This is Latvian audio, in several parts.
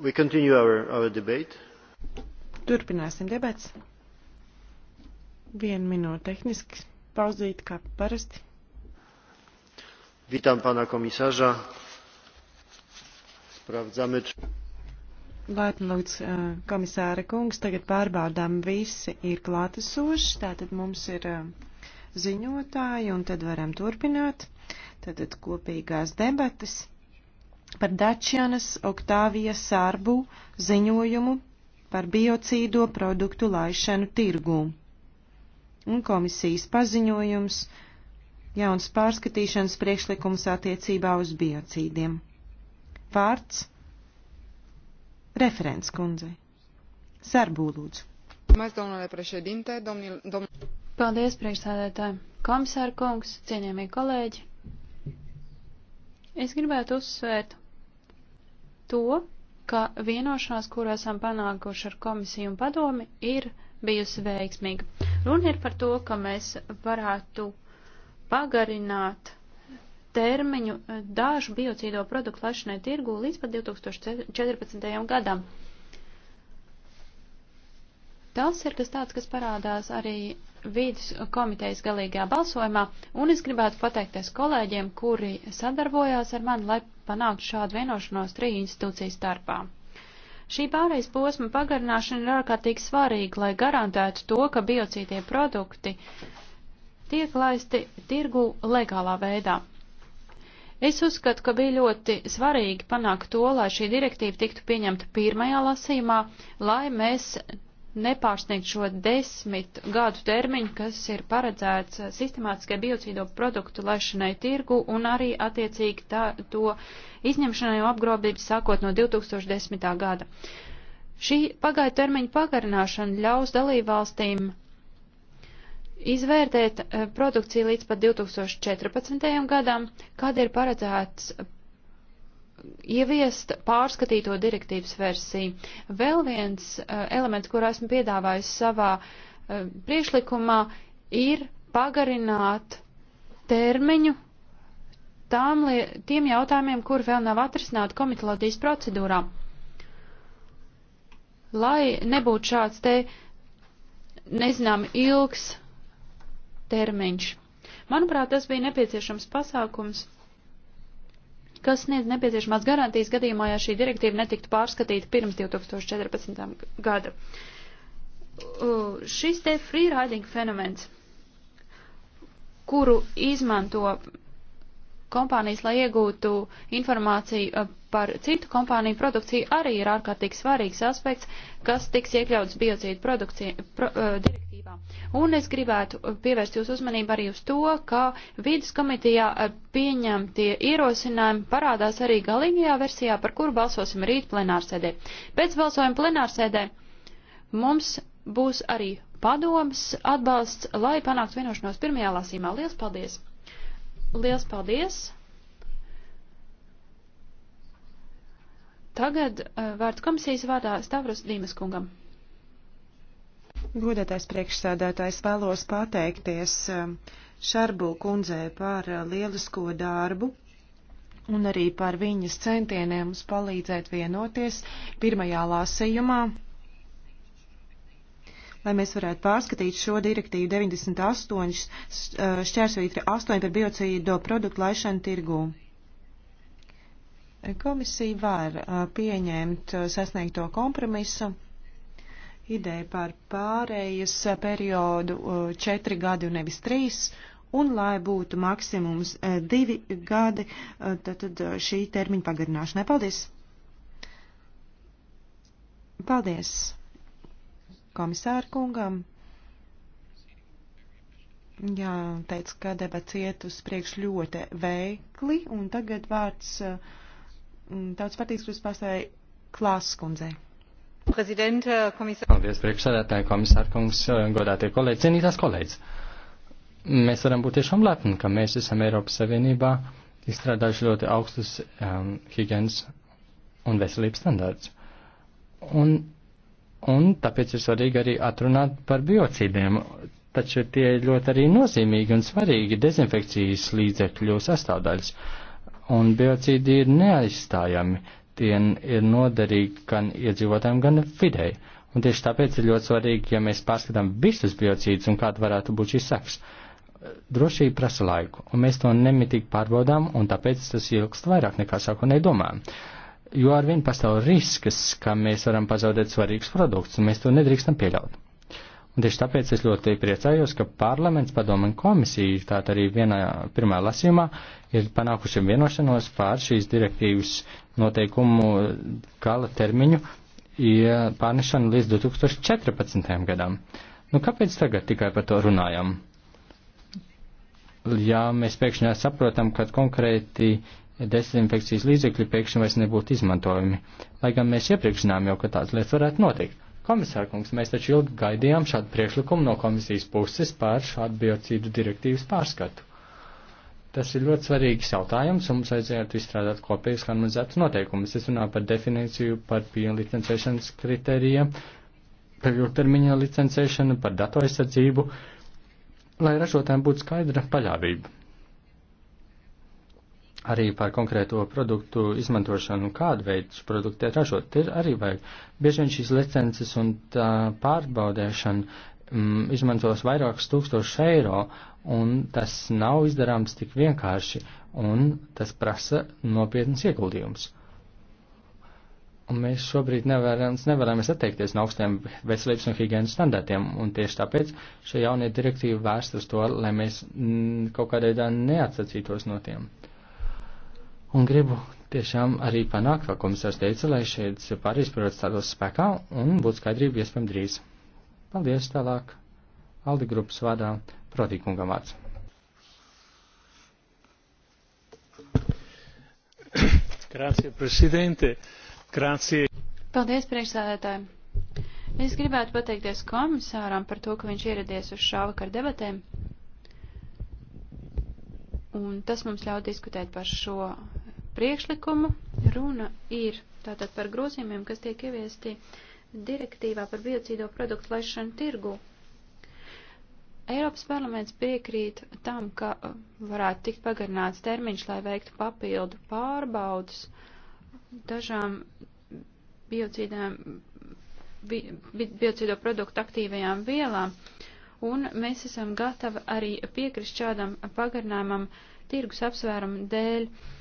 We continue our, our debate. Turpināsim debats. Vienu minūti tehniski pauzīt, kā parasti. Witam pana komisarza. Sprawdzamy, czy... Laipni lūdzu, komisāra kungs, tagad pārbaudām visi ir klātesoši, tātad mums ir ziņotāji un tad varam turpināt, tātad kopīgās debatas par Dačianas Oktāvija Sārbu ziņojumu par biocīdo produktu laišanu tirgū. Un komisijas paziņojums jauns pārskatīšanas priekšlikums attiecībā uz biocīdiem. Vārds referents kundzei. Sarbūlūdzu. Paldies, priekšsēdētāji. Komisāra kungs, cienījamie kolēģi. Es gribētu uzsvērt to, ka vienošanās, kuru esam panākuši ar komisiju un padomi, ir bijusi veiksmīga. Runa ir par to, ka mēs varētu pagarināt termiņu eh, dažu biocīdo produktu laišanai tirgū līdz pat 2014. gadam. Tas ir kas tāds, kas parādās arī vīdes komitejas galīgajā balsojumā, un es gribētu pateikties kolēģiem, kuri sadarbojās ar mani, lai panāktu šādu vienošanos triju institūciju starpā. Šī pārejas posma pagarināšana ir ārkārtīgi svarīga, lai garantētu to, ka biocītie produkti tiek laisti tirgu legālā veidā. Es uzskatu, ka bija ļoti svarīgi panākt to, lai šī direktīva tiktu pieņemta pirmajā lasīmā, lai mēs nepārsniegt šo desmit gadu termiņu, kas ir paredzēts sistemātiskai biocīdo produktu laišanai tirgu un arī attiecīgi tā, to izņemšanai no apgrobības sākot no 2010. gada. Šī pagāja termiņa pagarināšana ļaus dalībvalstīm izvērtēt eh, produkciju līdz pat 2014. gadam, kad ir paredzēts ieviest pārskatīto direktīvas versiju. Vēl viens uh, elements, kur esmu piedāvājis savā uh, priekšlikumā, ir pagarināt termiņu tām, tiem jautājumiem, kur vēl nav atrisināti komitoloģijas procedūrā. Lai nebūtu šāds te nezinām ilgs termiņš. Manuprāt, tas bija nepieciešams pasākums kas sniedz nepieciešamās garantijas gadījumā, ja šī direktīva netiktu pārskatīta pirms 2014. gada. Uh, šis te freeriding fenomens, kuru izmanto kompānijas, lai iegūtu informāciju par citu kompāniju produkciju arī ir ārkārtīgi svarīgs aspekts, kas tiks iekļauts biocīdu pro, uh, direktīvā. Un es gribētu pievērst jūs uzmanību arī uz to, ka vīdas komitejā uh, pieņemtie ierosinājumi parādās arī galīgajā versijā, par kuru balsosim rīt plenārsēdē. Pēc balsojuma plenārsēdē mums būs arī padoms atbalsts, lai panāktu vienošanos pirmajā lasīmā. Lielas paldies! Lielas paldies! Tagad eh, vārds komisijas vārdā Stavros Dīmas kungam. Godētais priekšsēdētājs vēlos pateikties eh, Šarbu kundzē par eh, lielisko darbu un arī par viņas centieniem mums palīdzēt vienoties pirmajā lasījumā, lai mēs varētu pārskatīt šo direktīvu 98 šķērsvītra 8 par biocīdo produktu laišanu tirgū. Komisija var uh, pieņemt uh, sasniegto kompromisu. Ideja par pārējas periodu uh, četri gadi un nevis trīs, un lai būtu maksimums divi gadi, tad, tad šī termiņa pagarināšanai. Paldies! Paldies komisāru kungam! Jā, teica, ka debats iet uz priekšu ļoti veikli, un tagad vārds uh, Mm, Tautas partijas grupas pārstāvēja Klāsas kundzei. Eh, Paldies, priekšsēdētāji, komisārkungs, eh, godātie kolēģi, cienītās kolēģis. Mēs varam būt tiešām lepni, ka mēs esam Eiropas Savienībā izstrādājuši ļoti augstus um, higienas un veselības standārts. Un, un tāpēc ir svarīgi arī atrunāt par biocīdiem, taču tie ir ļoti arī nozīmīgi un svarīgi dezinfekcijas līdzekļu sastāvdaļas. Uh, un biocīdi ir neaizstājami. Tie ir noderīgi gan iedzīvotājiem, gan videi. Un tieši tāpēc ir ļoti svarīgi, ja mēs pārskatām visus biocīdus un kāda varētu būt šis saks. Drošība prasa laiku, un mēs to nemitīgi pārbaudām, un tāpēc tas ilgst vairāk nekā sākotnēji domājām. Jo arvien pastāv risks, ka mēs varam pazaudēt svarīgus produktus, un mēs to nedrīkstam pieļaut. Un tieši tāpēc es ļoti priecājos, ka parlaments, padomu un komisija tātad arī vienā pirmā lasījumā ir panākuši vienošanos pār šīs direktīvas noteikumu gala termiņu pārnešanu līdz 2014. gadam. Nu, kāpēc tagad tikai par to runājam? Ja mēs pēkšņi saprotam, ka konkrēti dezinfekcijas līdzekļi pēkšņi vairs nebūtu izmantojami, lai gan mēs iepriekš zinām jau, ka tādas lietas varētu notikt. Komisārkungs, mēs taču ilgi gaidījām šādu priekšlikumu no komisijas puses par šādu biocīdu direktīvas pārskatu. Tas ir ļoti svarīgs jautājums, un mums aizējātu izstrādāt kopējas harmonizētas noteikumus. Es runāju par definīciju, par pielicencēšanas kriterijiem, par ilgtermiņa licencēšanu, par datoraizsardzību, lai ražotājiem būtu skaidra paļāvība arī par konkrēto produktu izmantošanu, kādu veidu šo produktu tiek ražot. Tur arī vajag bieži vien šīs licences un tā pārbaudēšana mm, izmantos vairākus tūkstošus eiro, un tas nav izdarāms tik vienkārši, un tas prasa nopietnas ieguldījums. Un mēs šobrīd nevaram, nevaram atteikties no augstiem veselības un higienas standartiem, un tieši tāpēc šī jaunie direktīva vērst uz to, lai mēs mm, kaut kādā veidā neatsacītos no tiem. Un gribu tiešām arī panākt, kā komisārs teica, lai šeit pārējais projekts stātos spēkā un būtu skaidrība iespējam drīz. Paldies tālāk. Aldi grupas vārdā protīkungam vārds. Grācie, prezidente. Grācie. Paldies, priekšsēdētāji. Es gribētu pateikties komisāram par to, ka viņš ieradies uz šāvakar debatēm. Un tas mums ļauj diskutēt par šo priekšlikumu. Runa ir tātad par grozījumiem, kas tiek ieviesti direktīvā par biocīdo produktu laišanu tirgu. Eiropas parlaments piekrīt tam, ka uh, varētu tikt pagarināts termiņš, lai veiktu papildu pārbaudus dažām biocīdām, bi, biocīdo produktu aktīvajām vielām, un mēs esam gatavi arī piekrist šādam pagarinājumam tirgus apsvērumu dēļ. Uh,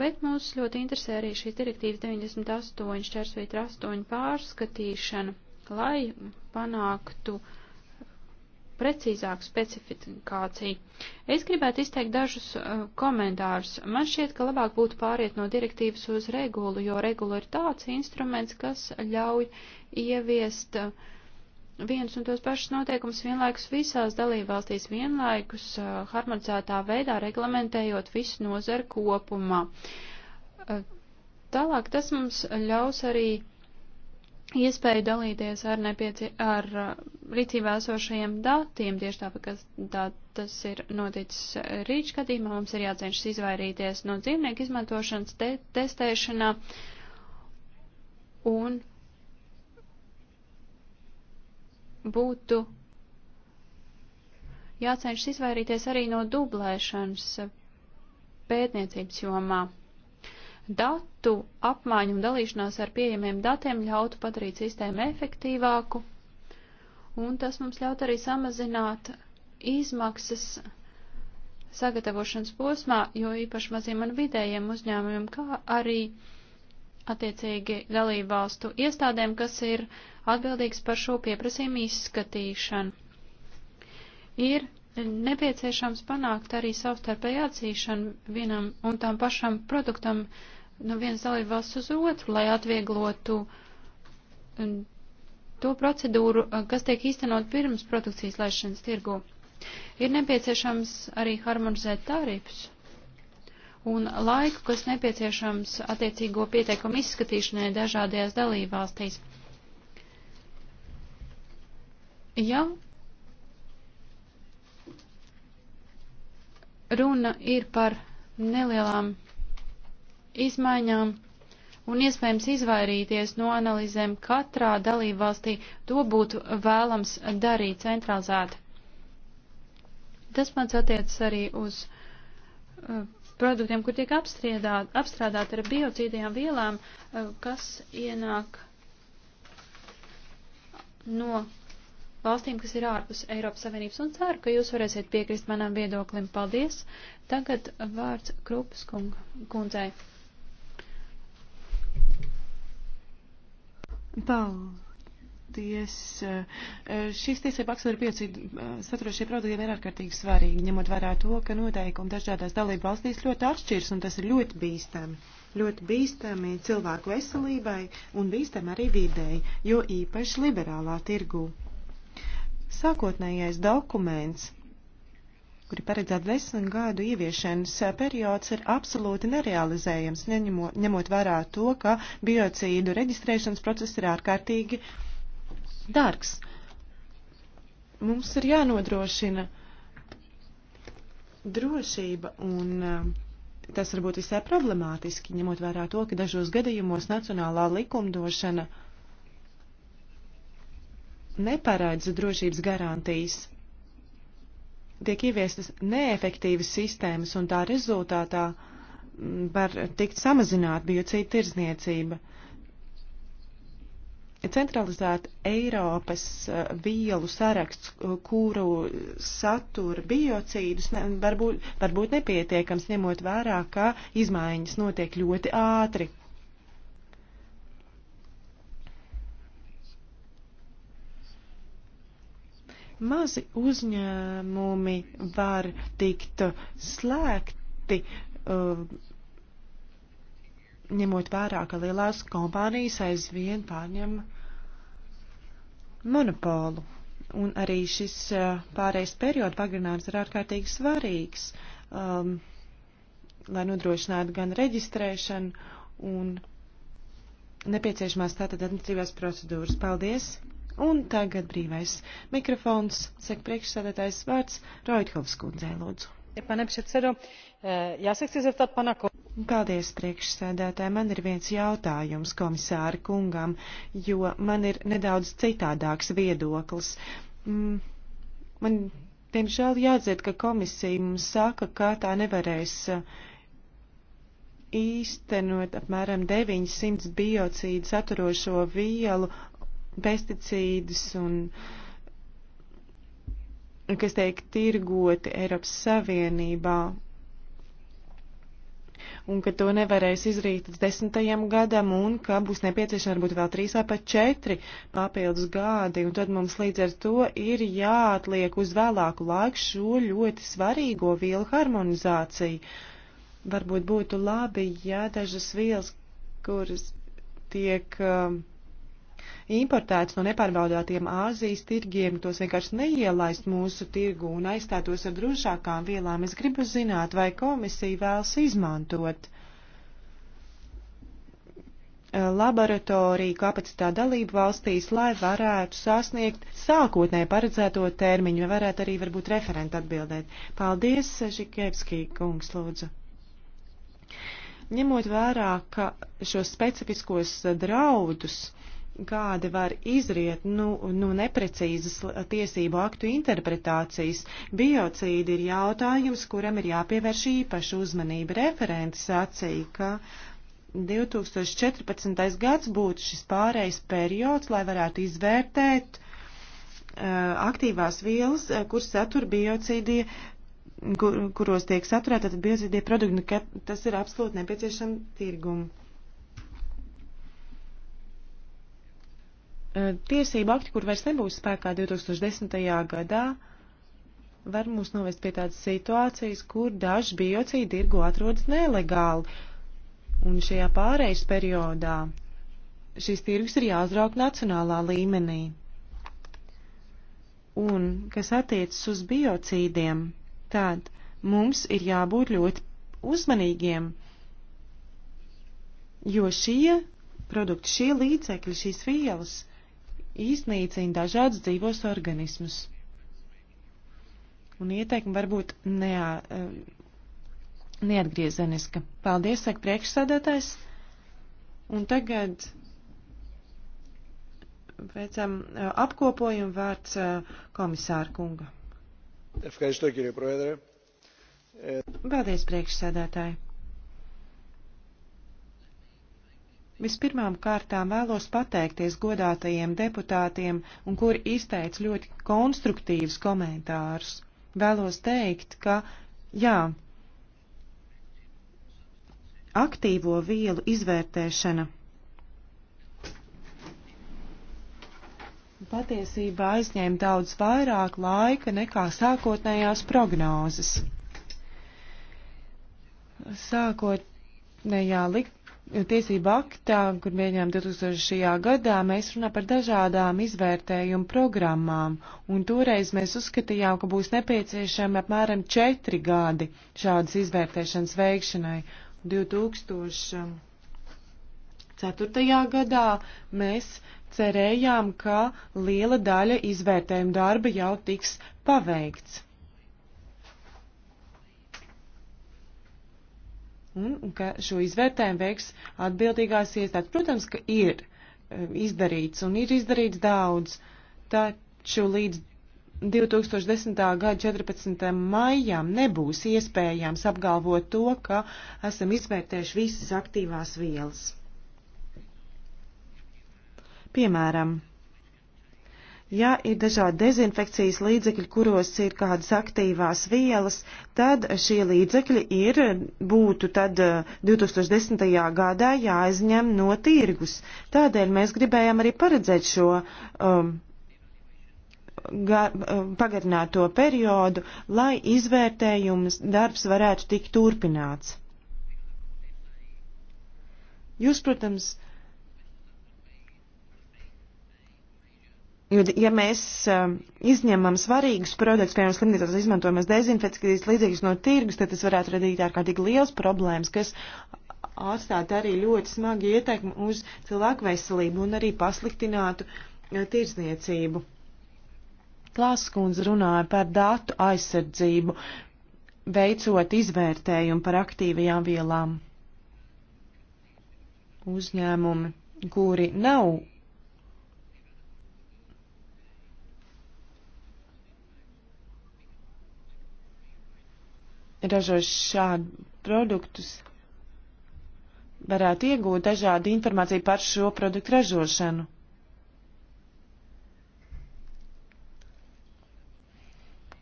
Bet mūs ļoti interesē arī šīs direktīvas 98, šķērsvīt 8 pārskatīšana, lai panāktu precīzāku specifikāciju. Es gribētu izteikt dažus uh, komentārus. Man šķiet, ka labāk būtu pāriet no direktīvas uz regulu, jo regula ir tāds instruments, kas ļauj ieviest uh, viens un tos pašus noteikumus vienlaikus visās dalībvalstīs, vienlaikus uh, harmonizētā veidā reglamentējot visu nozaru kopumā. Uh, tālāk tas mums ļaus arī iespēju dalīties ar, nepieci, ar uh, rīcībā esošajiem datiem, tieši tāpat, kas tā, tas ir noticis rīču gadījumā, mums ir jācenšas izvairīties no dzīvnieku izmantošanas te, testēšanā un būtu jācenšas izvairīties arī no dublēšanas pētniecības jomā. Datu apmaiņu un dalīšanās ar pieejamiem datiem ļautu padarīt sistēmu efektīvāku, un tas mums ļaut arī samazināt izmaksas sagatavošanas posmā, jo īpaši maziem un vidējiem uzņēmumiem, kā arī uh, attiecīgi dalībvalstu iestādēm, kas ir atbildīgs par šo pieprasījumu izskatīšanu. Ir nepieciešams panākt arī savstarpēju atzīšanu vienam un tam pašam produktam no vienas dalībvalsts uz otru, lai atvieglotu um, to procedūru, uh, kas tiek īstenot pirms produkcijas laišanas tirgu. Ir nepieciešams arī harmonizēt tarifus un laiku, kas nepieciešams attiecīgo pieteikumu izskatīšanai dažādajās dalībvalstīs. Ja runa ir par nelielām izmaiņām un iespējams izvairīties no analizēm katrā dalībvalstī, to būtu vēlams darīt centralizēti. Tas pats attiecas arī uz uh, Eh, produktiem, kur tiek apstrādāti ar biocīdajām vielām, eh, kas ienāk no valstīm, kas ir ārpus Eiropas Savienības, un ceru, ka jūs varēsiet piekrist manam viedoklim. Paldies! Tagad vārds Krupas kung, kundzei. Paldies! ties, eh, šīs tiesība aksa ar pieci eh, saturošie produktiem ir ārkārtīgi svarīgi, ņemot vērā to, ka noteikumi dažādās dalību valstīs ļoti atšķirs un tas ir ļoti bīstami. Ļoti bīstami cilvēku veselībai un bīstami arī videi, jo īpaši liberālā tirgū. Sākotnējais dokuments kur ir paredzēta desmit gadu ieviešanas eh, periods, ir absolūti nerealizējams, neņemot, ņemot vērā to, ka biocīdu reģistrēšanas process ir ārkārtīgi dārgs. Mums ir jānodrošina drošība un uh, tas var būt visai problemātiski, ņemot vērā to, ka dažos gadījumos nacionālā likumdošana neparādz drošības garantijas. Tiek ieviestas neefektīvas sistēmas, un tā rezultātā mm, var tikt samazināt biocīta tirzniecība centralizēta Eiropas eh, vielu saraksts, eh, kuru satura biocīdus, varbūt, varbūt nepietiekams, ņemot vērā, ka izmaiņas notiek ļoti ātri. Mazi uzņēmumi var tikt slēgti, eh, ņemot vērā, ka lielās kompānijas aizvien pārņem monopolu. Un arī šis eh, pārējais perioda pagarinājums ir ārkārtīgi svarīgs, um, lai nodrošinātu gan reģistrēšanu un nepieciešamās tātad administratīvās procedūras. Paldies! Un tagad brīvais mikrofons, sek priekšsēdētājs vārds Roithovs kundzē, lūdzu. Pane předsedo, eh, já se chci zeptat pana Paldies, priekšsēdētāji. Man ir viens jautājums komisāra kungam, jo man ir nedaudz citādāks viedoklis. Mm, man, diemžēl, jādzird, ka komisija mums saka, ka tā nevarēs eh, īstenot apmēram 900 biocīdu saturošo vielu, pesticīdus un uh, kas tiek tirgoti Eiropas Savienībā un ka to nevarēs izrīt līdz desmitajam gadam, un ka būs nepieciešami varbūt vēl trīs vai pat četri papildus gadi, un tad mums līdz ar to ir jāatliek uz vēlāku laiku šo ļoti svarīgo vielu harmonizāciju. Varbūt būtu labi, ja dažas vielas, kuras tiek. Uh, importēts no nepārbaudātiem Āzijas tirgiem, tos vienkārši neielaist mūsu tirgu un aizstātos ar drošākām vielām. Es gribu zināt, vai komisija vēlas izmantot eh, laboratoriju kapacitāti dalību valstīs, lai varētu sasniegt sākotnēji paredzēto termiņu, vai varētu arī varbūt referenti atbildēt. Paldies, Žikēvskī kungs, lūdzu. Ņemot vērā, ka šos specifiskos draudus uh, kādi var izriet nu, nu neprecīzas tiesību aktu interpretācijas. Biocīdi ir jautājums, kuram ir jāpievērš īpaša uzmanība. Referenti sacīja, ka 2014. gads būtu šis pārējais periods, lai varētu izvērtēt uh, aktīvās vielas, kur satur biocīdie, kur, kuros tiek saturēta biocīdie produkti, nu, ka tas ir absolūti nepieciešams tirgumu. Eh, tiesību akti, kur vairs nebūs spēkā 2010. gadā, var mūs novest pie tādas situācijas, kur daži biocīdi tirgu atrodas nelegāli. Un šajā pārejas periodā šis tirgus ir jāuzrauk nacionālā līmenī. Un, kas attiecas uz biocīdiem, tad mums ir jābūt ļoti uzmanīgiem, jo šie produkti, šie līdzekļi, šīs vielas – iznīcina dažādus dzīvos organismus. Un ieteikumi var būt neā, eh, neatgriezeniska. Paldies, saka priekšsādātājs. Un tagad veicam eh, apkopojumu vārds eh, komisāra kunga. Paldies, priekšsādātāji. Vispirmām kārtām vēlos pateikties godātajiem deputātiem, un kur izteica ļoti konstruktīvus komentārus. Vēlos teikt, ka, jā, aktīvo vielu izvērtēšana patiesībā aizņēma daudz vairāk laika nekā sākotnējās prognozes. Sākotnējā likt tiesība aktā, kur pieņēma 2000. gadā, mēs runā par dažādām izvērtējumu programmām, un toreiz mēs uzskatījām, ka būs nepieciešami apmēram četri gadi šādas izvērtēšanas veikšanai. 2004. gadā mēs cerējām, ka liela daļa izvērtējumu darba jau tiks paveikts. un, un ka šo izvērtējumu veiks atbildīgās iestādes. Protams, ka ir eh, izdarīts un ir izdarīts daudz, taču līdz 2010. gada 14. maijām nebūs iespējams apgalvot to, ka esam izvērtējuši visas aktīvās vielas. Piemēram, Ja ir dažādi dezinfekcijas līdzekļi, kuros ir kādas aktīvās vielas, tad šie līdzekļi ir, būtu tad 2010. Eh, gadā jāizņem no tirgus. Tādēļ mēs gribējām arī paredzēt šo um, gar, um, pagarināto periodu, lai izvērtējums darbs varētu tikt turpināts. Jūs, protams, uh, Jo, ja mēs um, izņemam svarīgus produktus, piemēram, slimnīcās izmantojamas dezinfekcijas līdzīgas no tirgus, tad tas varētu radīt ārkārtīgi liels problēmas, kas atstāt arī ļoti smagi ietekmi uz cilvēku veselību un arī pasliktinātu uh, tirsniecību. Klāskundze runāja par datu aizsardzību, veicot izvērtējumu par aktīvajām vielām. Uzņēmumi, kuri nav ražo šādu produktus, varētu iegūt dažādu informāciju par šo produktu ražošanu.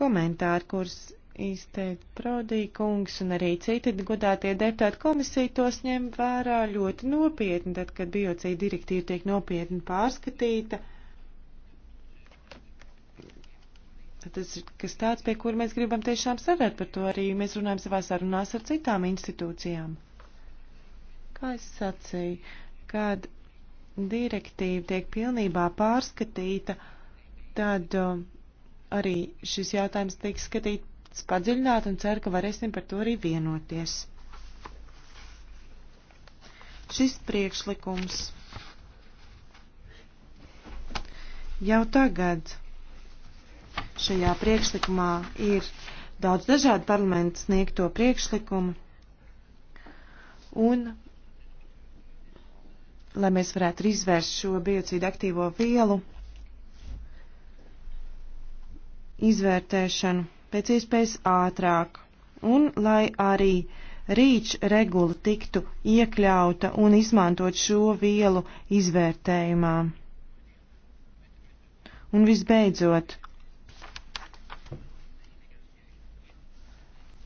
Komentāri, kurus izteikt Prodīja kungs un arī citi godātie deputāti komisija tos ņem vērā ļoti nopietni, tad, kad biocīda direktīva tiek nopietni pārskatīta. tas ir kas tāds, pie kura mēs gribam tiešām sarēt par to arī mēs runājam savā sarunās ar citām institūcijām. Kā es sacīju, kad direktīva tiek pilnībā pārskatīta, tad um, arī šis jautājums tiks skatīts padziļināt un ceru, ka varēsim par to arī vienoties. Šis priekšlikums jau tagad šajā priekšlikumā ir daudz dažādu parlamentu sniegto priekšlikumu. Un, lai mēs varētu izvērst šo biocīdu aktīvo vielu izvērtēšanu pēc iespējas ātrāk, un lai arī rīč regula tiktu iekļauta un izmantot šo vielu izvērtējumā. Un visbeidzot,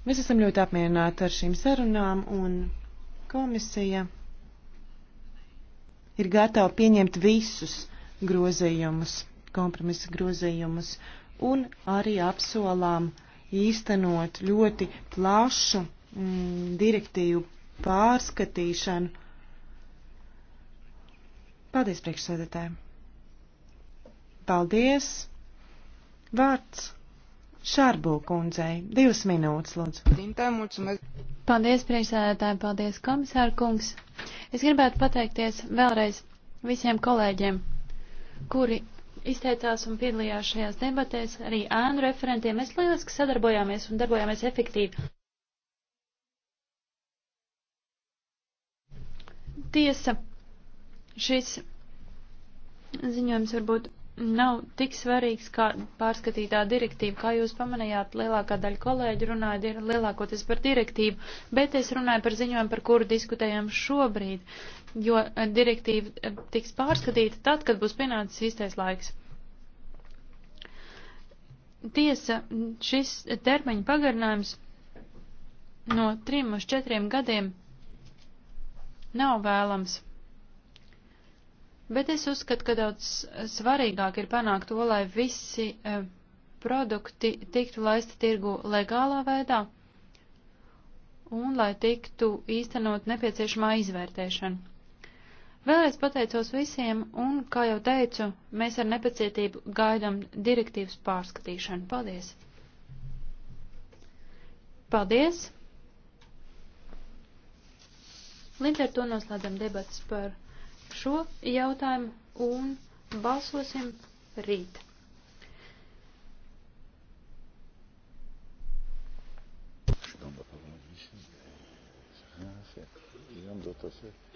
Mēs esam ļoti apmierināti ar šīm sarunām, un komisija ir gatava pieņemt visus grozījumus, kompromisa grozījumus, un arī apsolām īstenot ļoti plašu mm, direktīvu pārskatīšanu. Paldies priekšsēdētājiem! Paldies! Vārds Šarbu kundzei. Divas minūtes, lūdzu. Paldies, priekšsēdētāji, paldies, komisāra kungs. Es gribētu pateikties vēlreiz visiem kolēģiem, kuri izteicās un piedalījās šajās debatēs, arī ēnu referentiem. Mēs lieliski sadarbojāmies un darbojāmies efektīvi. Tiesa, šis ziņojums varbūt nav tik svarīgs kā pārskatītā direktīva. Kā jūs pamanījāt, lielākā daļa kolēģi runāja lielākoties par direktīvu, bet es runāju par ziņojumu, par kuru diskutējam šobrīd, jo eh, direktīva eh, tiks pārskatīta tad, kad būs pienācis īstais laiks. Tiesa, šis termiņa pagarinājums no trim uz četriem gadiem nav vēlams. Bet es uzskatu, ka daudz svarīgāk ir panākt to, lai visi uh, produkti tiktu laisti tirgu legālā veidā un lai tiktu īstenot nepieciešamā izvērtēšana. Vēlreiz pateicos visiem, un, kā jau teicu, mēs ar nepacietību gaidām direktīvas pārskatīšanu. Paldies! Paldies! Līdz ar to noslēdzam debats par šo jautājumu un balsosim rīt. Je donne la parole à Michel. Rien à faire. Il y a un dotateur.